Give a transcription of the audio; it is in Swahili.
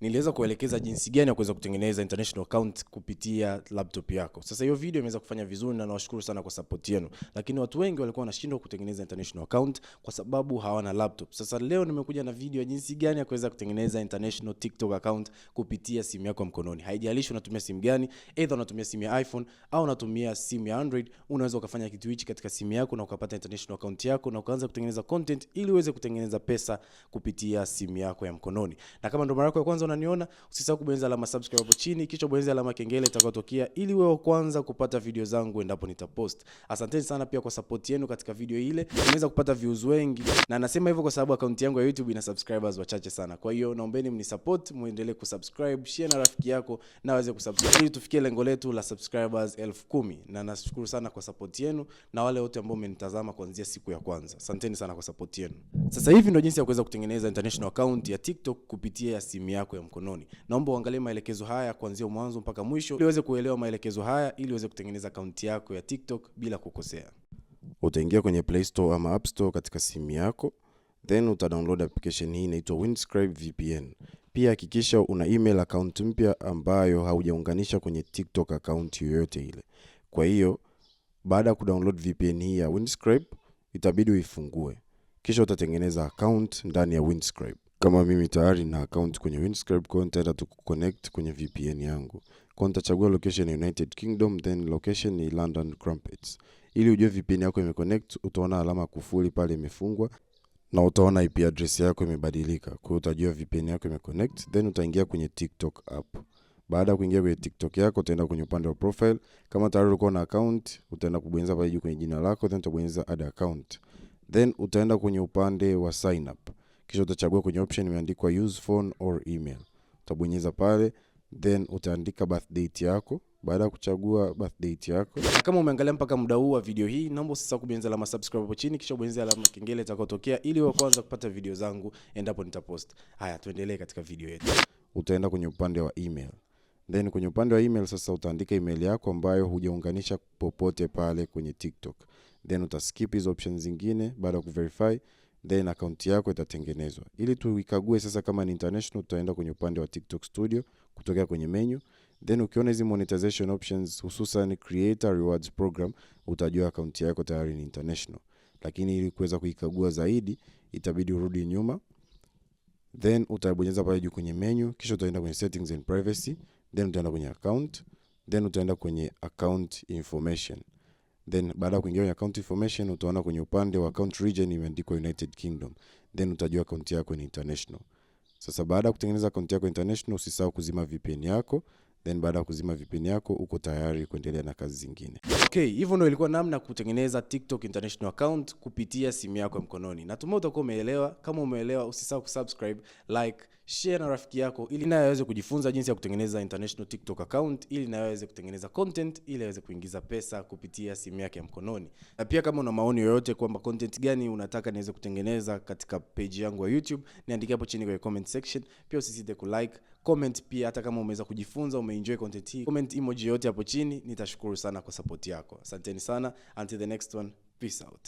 niliweza kuelekeza jinsi gani ya kuweza kutengeneza international account kupitia laptop yako. Sasa hiyo video imeweza kufanya vizuri na nawashukuru sana kwa support yenu, lakini watu wengi walikuwa wanashindwa kutengeneza international account kwa sababu hawana laptop. Sasa leo nimekuja na video ya jinsi gani ya kuweza kutengeneza international TikTok account kupitia simu yako mkononi. Haijalishi unatumia simu gani, either unatumia simu ya iPhone au unatumia simu ya Android, unaweza ukafanya kitu hichi katika simu yako na ukapata international account yako na ukaanza kutengeneza content ili uweze kutengeneza pesa kupitia simu yako ya mkononi. Na kama ndo mara yako ya kwanza unaniona, usisahau kubonyeza alama subscribe hapo chini, kisha bonyeza alama kengele itakayotokea ili wewe wa kwanza kupata video zangu endapo nitapost. Asanteni sana pia kwa support yenu katika video ile, nimeweza kupata views wengi, na nasema hivyo kwa sababu akaunti yangu ya YouTube ina subscribers wachache sana. Kwa hiyo naombeni mnisupport, muendelee kusubscribe, share na rafiki yako na waweze kusubscribe ili tufikie lengo letu la subscribers elfu kumi na nashukuru sana kwa support yenu na wale wote ambao mmenitazama kuanzia siku ya kwanza. Asanteni sana kwa support yenu. Sasa hivi ndio jinsi ya kuweza kutengeneza international account ya TikTok kupitia ya simu yako ya mkononi. Naomba uangalie maelekezo haya kuanzia mwanzo mpaka mwisho ili uweze kuelewa maelekezo haya ili uweze kutengeneza akaunti yako ya TikTok bila kukosea. Utaingia kwenye Play Store ama App Store katika simu yako, then utadownload application hii inaitwa Windscribe VPN. Pia hakikisha una email account mpya ambayo haujaunganisha kwenye TikTok account yoyote ile. Kwa hiyo baada ya kudownload VPN hii ya Windscribe itabidi uifungue, kisha utatengeneza account ndani ya Windscribe. Kama mimi tayari na account kwenye Winscribe, kwa nitaenda tu kuconnect kwenye VPN yangu. Kwa nitachagua location United Kingdom, then location ni London Crumpets. Ili ujue VPN yako imeconnect, utaona alama kufuli pale imefungwa na utaona IP address yako imebadilika. Kwa hiyo utajua VPN yako imeconnect, then utaingia kwenye TikTok app. Baada ya kuingia kwenye TikTok yako utaenda kwenye upande wa profile. Kama tayari ulikuwa na account, utaenda kubonyeza pale juu kwenye jina lako, then utabonyeza add account. Then utaenda kwenye upande wa sign up kisha utachagua kwenye option imeandikwa use phone or email. Utabonyeza pale then utaandika birth date yako. Baada ya kuchagua birth date yako, kama umeangalia mpaka muda huu wa video hii, naomba usisahau kubonyeza alama subscribe hapo chini, kisha ubonyeze alama kengele itakayotokea ili wa kwanza kupata video zangu endapo nitapost. Haya, tuendelee katika video yetu. Utaenda kwenye upande wa email, then kwenye upande wa email sasa utaandika email yako ambayo hujaunganisha popote pale kwenye TikTok, then utaskip hizo options zingine. Baada ya kuverify then account yako itatengenezwa. Ili tuikague sasa kama ni international, tutaenda kwenye upande wa TikTok Studio kutokea kwenye menu, then ukiona hizi monetization options, hususan creator rewards program, utajua account yako tayari ni international. Lakini ili kuweza kuikagua zaidi, itabidi urudi nyuma, then utabonyeza pale juu kwenye menu, kisha utaenda kwenye settings and privacy, then utaenda kwenye account, then utaenda kwenye account information Then baada ya kuingia kwenye account information utaona kwenye upande wa account region imeandikwa United Kingdom, then utajua account yako ni international. Sasa baada ya kutengeneza account yako international, usisahau kuzima VPN yako then baada ya kuzima VPN yako uko tayari kuendelea na kazi zingine. Okay, hivyo ndio ilikuwa namna kutengeneza TikTok international account kupitia simu yako ya mkononi. Natumai utakuwa umeelewa. Kama umeelewa, usisahau kusubscribe, like, share na rafiki yako ili naye aweze kujifunza jinsi ya kutengeneza international TikTok account ili naye aweze kutengeneza content ili aweze kuingiza pesa kupitia simu yake ya mkononi. Na pia kama una maoni yoyote kwamba content gani unataka niweze kutengeneza katika page yangu ya YouTube, niandikie hapo chini kwenye comment section. Pia usisite kulike comment pia, hata kama umeweza kujifunza, umeenjoy content hii, comment emoji yote hapo chini. Nitashukuru sana kwa support yako. Asanteni sana, until the next one, peace out.